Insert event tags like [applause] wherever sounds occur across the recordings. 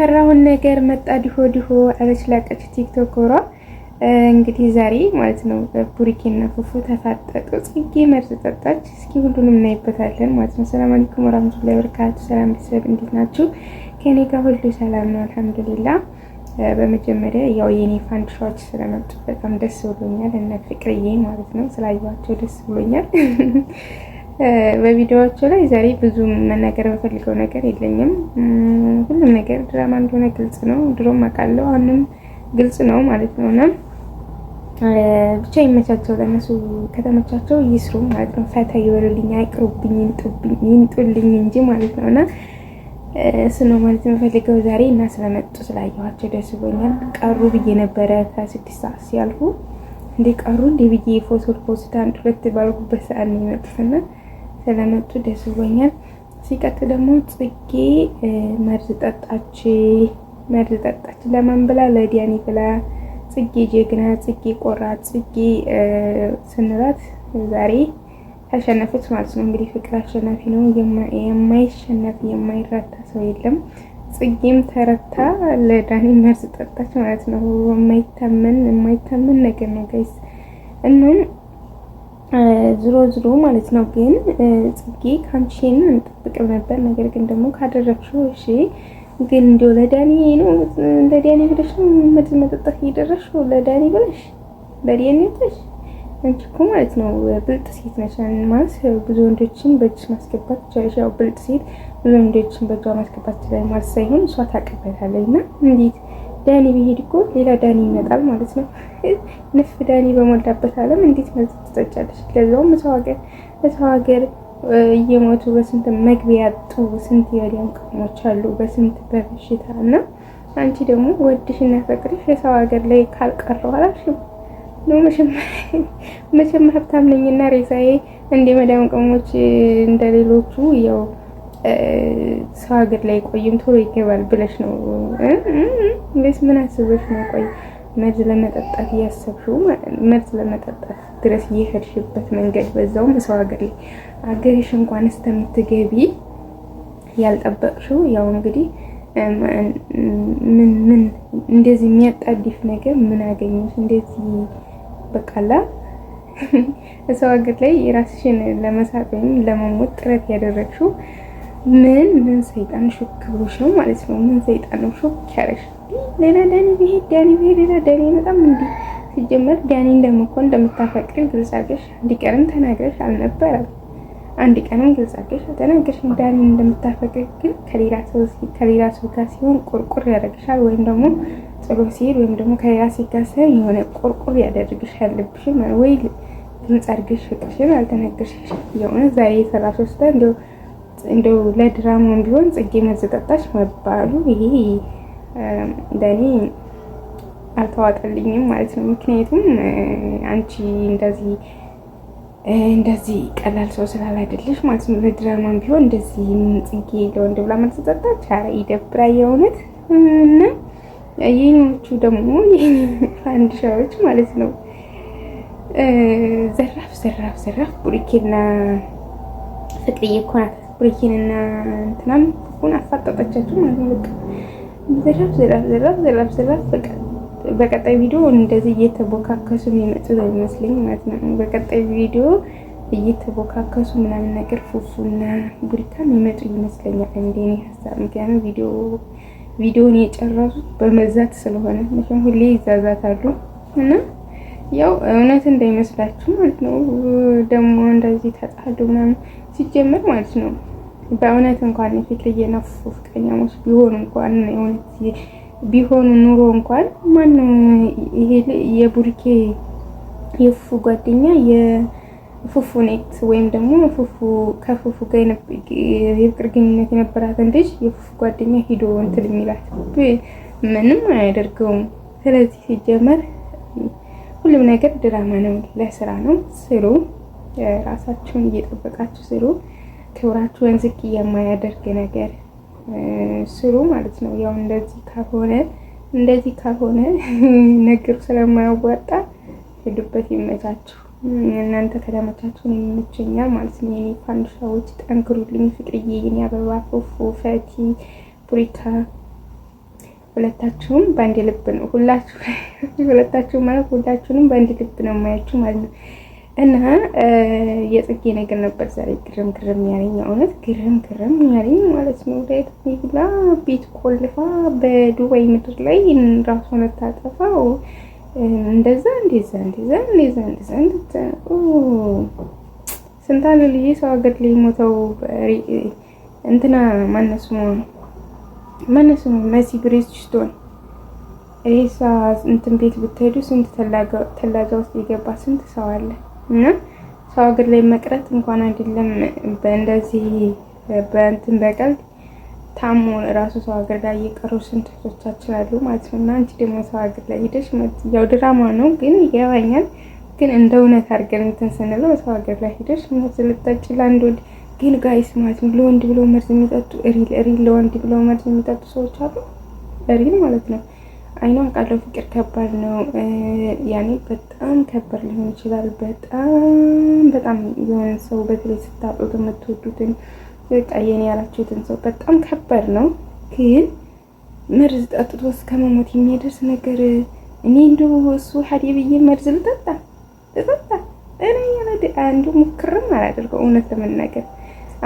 ፈራሁን ነገር መጣ ድሆ ድሆ አለች ላቀች ቲክቶከሯ። እንግዲህ ዛሬ ማለት ነው ቡሪኬና ፉፉ ተፋጠጡ። ጽጌ መርዝ ጠጣች። እስኪ ሁሉንም እናይበታለን ማለት ነው። ሰላም አለይኩም ወራህመቱላሂ ወበረካቱ። ሰላም ቤተሰብ እንዴት ናችሁ? ከኔ ጋር ሁሉ ሰላም ነው አልሐምዱሊላ። በመጀመሪያ ያው የኔ ፋንድሻዎች ስለመጡ በጣም ደስ ብሎኛል። እነ ፍቅርዬ ማለት ነው ስላየኋቸው ደስ ብሎኛል። [laughs] በቪዲዮዎቹ ላይ ዛሬ ብዙ መናገር የምፈልገው ነገር የለኝም። ሁሉም ነገር ድራማ እንደሆነ ግልጽ ነው። ድሮም አውቃለሁ፣ አሁንም ግልጽ ነው ማለት ነው። እና ብቻ ይመቻቸው፣ ለነሱ ከተመቻቸው ይስሩ ማለት ነው። ፈታ ይበሉልኝ፣ አይቅሩብኝ፣ ይንጡልኝ እንጂ ማለት ነው። እና እሱ ነው ማለት የምፈልገው ዛሬ። እና ስለመጡ ስላየኋቸው ደስ ብሎኛል። ቀሩ ብዬ ነበረ ከስድስት ሰዓት ሲያልፉ እንዴ ቀሩ እንዴ ብዬ ፎቶ ፖስት አንድ ሁለት ባልኩበት ሰዓት ነው የመጡትና ስለመጡ ደስ ብሎኛል። ሲቀጥ ደግሞ ጽጌ መርዝ ጠጣች መርዝ ጠጣች። ለማን ብላ? ለዲያኒ ብላ። ጽጌ ጀግና፣ ጽጌ ቆራ፣ ጽጌ ስንላት ዛሬ ተሸነፈች ማለት ነው። እንግዲህ ፍቅር አሸናፊ ነው። የማይሸነፍ የማይረታ ሰው የለም። ጽጌም ተረታ ለዳኒ መርዝ ጠጣች ማለት ነው። የማይታመን የማይታመን ነገር ነው ጋይስ እናም ዝሮ ዝሮ ማለት ነው። ግን ጽጌ ካንቺን አንጠብቅም ነበር። ነገር ግን ደግሞ ካደረግሽው እሺ። ግን እንዲሁ ለዳኒ ነው ለዳኒ ዳኒ ብለሽ ነው መድ መጠጣት እየደረስሽው ለዳኒ ብለሽ ለዳኒ ብለሽ አንቺ እኮ ማለት ነው ብልጥ ሴት ነች። ማለት ብዙ ወንዶችን በእጅሽ ማስገባት ይቻለሽ። ያው ብልጥ ሴት ብዙ ወንዶችን በእጇ ማስገባት ይችላል ማለት ሳይሆን እሷ ታቀበላለች እና እንዴት ዳኒ ቢሄድ እኮ ሌላ ዳኒ ይመጣል ማለት ነው። ንፍ ዳኒ በሞላበት ዓለም እንዴት መልስ ትሰጫለች? ለዛውም ሰው ሀገር በሰው ሀገር እየሞቱ በስንት መግቢያ ያጡ ስንት የወዲያን ቅሞች አሉ በስንት በበሽታ እና አንቺ ደግሞ ወድሽ እና ፈቅድሽ የሰው ሀገር ላይ ካልቀረው አላልሽም ነው መቼም ሀብታም ነኝና ሬሳዬ እንደ መዳም ቅሞች እንደሌሎቹ ያው ሰው ሀገር ላይ ቆይም ቶሎ ይገባል ብለሽ ነው ወይስ ምን አስበሽ ነው? ቆይ መርዝ ለመጠጣት እያሰብሽው መርዝ ለመጠጣት ድረስ እየሄድሽበት መንገድ በዛውም ሰው ሀገር ላይ አገርሽ እንኳን እስከምትገቢ ያልጠበቅሽው ያው እንግዲህ ምን ምን እንደዚህ የሚያጣድፍ ነገር ምን አገኘሽ? እንደዚህ በቃላ [laughs] ሰው ሀገር ላይ የራስሽን ለመሳቅ ወይም ለመሞት ጥረት ያደረግሽው ምን ምን ሰይጣን ሹክ ብሎሽ ነው ማለት ነው? ምን ሰይጣን ነው ሹክ ያለሽ? ሌላ ዳኒ ብሄድ ዳኒ ብሄድ ሌላ ዳኒ በጣም እንዲ ሲጀመር ዳኒ እንደምኮን እንደምታፈቅሪ ግልጽ አድርገሽ አንድ ቀንም ተናግረሽ አልነበረም። አንድ ቀንም ግልጽ አድርገሽ ተናግረሽ ዳኒ እንደምታፈቅሪ ግን ከሌላ ሰው ከሌላ ሰው ጋር ሲሆን ቁርቁር ያደርግሻል፣ ወይም ደግሞ ጥሎ ሲሄድ ወይም ደግሞ ከሌላ ሴት ጋር ሲሆን የሆነ ቁርቁር ያደርግሻል። ልብሽ ወይ ግልጽ አድርገሽ ፍቅርሽን አልተናገርሽ የሆነ ዛሬ የሰራሽ ወስዳ እንዲያው እንደው ለድራማም ቢሆን ጽጌ መርዝ መባሉ ይሄ ለእኔ አልተዋጠልኝም ማለት ነው። ምክንያቱም አንቺ እንደዚህ እንደዚህ ቀላል ሰው ስላል አይደለሽ ማለት ነው። ለድራማም ቢሆን እንደዚህ ጽጌ ለወንድ ብላ መርዝ ኧረ ይደብራ የእውነት እና የኔዎቹ ደግሞ ፋንድሻዎች ማለት ነው ዘራፍ ዘራፍ ዘራፍ ቡሪኬና ፍቅርዬ እኮ ናት ብሩኬንና እንትናን ሁን አፋጠጠቻቸው ማለት ነው። በቃ ዝራፍ ዝራፍ ዝራፍ ዝራፍ ዝራፍ በቀጣይ ቪዲዮ እንደዚህ እየተቦካከሱ የሚመጡ ይመስለኝ ማለት ነው። በቀጣይ ቪዲዮ እየተቦካከሱ ምናምን ነገር ፉፉና ቡሪካ የሚመጡ ይመስለኛል እንደኔ ሀሳብ። ምክንያቱም ቪዲዮ ቪዲዮን የጨረሱት በመዛት ስለሆነ ምክንያቱም ሁሌ ይዛዛታሉ እና ያው እውነት እንዳይመስላችሁ ማለት ነው። ደግሞ እንደዚህ ተጣሉ ምናምን ሲጀመር ማለት ነው በእውነት እንኳን የፊት ላይ የነፍስ ፍቅረኛሞች ቢሆኑ እንኳን የእውነት ቢሆኑ ኑሮ እንኳን ማን ይሄ የቡርኬ የፉ ጓደኛ የፉፉ ኔት ወይም ደግሞ ፉፉ ከፉፉ ጋር የፍቅር ግንኙነት የነበራትን ልጅ የፉፉ ጓደኛ ሂዶ እንትን የሚላት ምንም አያደርገውም። ስለዚህ ሲጀመር ሁሉም ነገር ድራማ ነው፣ ለስራ ነው ስሩ። ራሳችሁን እየጠበቃችሁ ስሩ። ክብራችሁን ዝቅ የማያደርግ ነገር ስሩ ማለት ነው። ያው እንደዚህ ካልሆነ እንደዚህ ካልሆነ [laughs] ነገሩ ስለማያዋጣ ሄዱበት ይመቻችሁ። እናንተ ከተመቻችሁን የሚመቸኛል ማለት ነው። የኔ ፋንድሻዎች ጠንክሩልኝ። ፍቅርዬ፣ የኔ አበባ፣ ፉፉ፣ ፈቲ፣ ፑሪካ ሁለታችሁም በአንድ ልብ ነው። ሁላችሁ [laughs] ሁለታችሁ ማለት ሁላችሁንም በአንድ ልብ ነው የማያችሁ ማለት ነው። እና የጽጌ ነገር ነበር ዛሬ ግርም ግርም ያለኝ፣ እውነት ግርም ግርም ያለኝ ማለት ነው። ላይ ብላ ቤት ቆልፋ በዱባይ ምድር ላይ ራሷን ታጠፋው እንደዛ እንደዛ እንደዛ እንደዛ እንደዛ እንደዛ ስንታለ ልጅ ሰው ሀገር ላይ ሞተው እንትና ማነሱ ማነሱ መሲ ብሬስቶን ሬሳ እንትን ቤት ብትሄዱ ስንት ተላጋ ውስጥ የገባ ስንት ሰው አለ። እና ሰው ሀገር ላይ መቅረት እንኳን አይደለም በእንደዚህ በእንትን በቀልድ ታሞ ራሱ ሰው ሀገር ላይ የቀሩ ስንት እህቶቻችን አሉ ማለት ነው። እና አንቺ ደግሞ ሰው ሀገር ላይ ሄደሽ ያው ድራማ ነው ግን ይገባኛል። ግን እንደ እውነት አድርገን እንትን ስንለው ሰው ሀገር ላይ ሄደሽ መርዝ ልጠጪ ለአንድ ወንድ ግን ጋይስ ማለት ነው ለወንድ ብለው መርዝ የሚጠጡ ሪል ሪል ለወንድ ብለው መርዝ የሚጠጡ ሰዎች አሉ ሪል ማለት ነው። አይኖ አውቃለሁ ፍቅር ከባድ ነው። ያኔ በጣም ከባድ ሊሆን ይችላል። በጣም በጣም የሆነ ሰው በተለይ ስታጡት የምትወዱትን በቃ የኔ ያላችሁትን ሰው በጣም ከባድ ነው። ግን መርዝ ጠጥቶ እስከ መሞት የሚያደርስ ነገር እኔ እንዶ እሱ ሀዴ ብዬ መርዝ ልጠጣ ልጠጣ እኔ ያለ አንዱ ሙክርም አላደርገው እውነት ለመናገር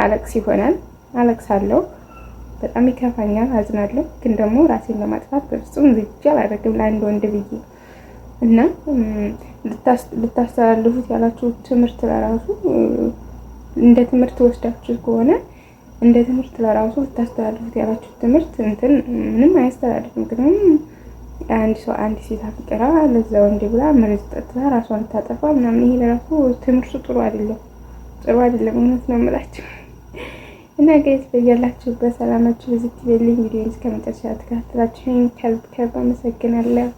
አለቅስ ይሆናል አለቅሳለሁ በጣም ይከፋኛል፣ አዝናለሁ። ግን ደግሞ ራሴን ለማጥፋት በፍጹም ዝግጅ አላደርግም ለአንድ ወንድ ብዬ እና ልታስተላልፉት ያላችሁ ትምህርት ለራሱ እንደ ትምህርት ወስዳችሁ ከሆነ እንደ ትምህርት ለራሱ ልታስተላልፉት ያላችሁ ትምህርት እንትን ምንም አያስተላልፍም። ምክንያቱም አንድ ሰው አንድ ሴት አፍቅራ ለዛ ወንድ ብላ መሬት ጠጥታ ራሷን ታጠፋ ምናምን፣ ይሄ ለራሱ ትምህርቱ ጥሩ አይደለም፣ ጥሩ አይደለም። እውነት ነው የምላችሁ። እና ጋይስ በያላችሁበት ሰላማችሁ በዚህ ቪዲዮ እስከ መጨረሻ ተከታተላችሁኝ ከልብ ከልብ አመሰግናለሁ።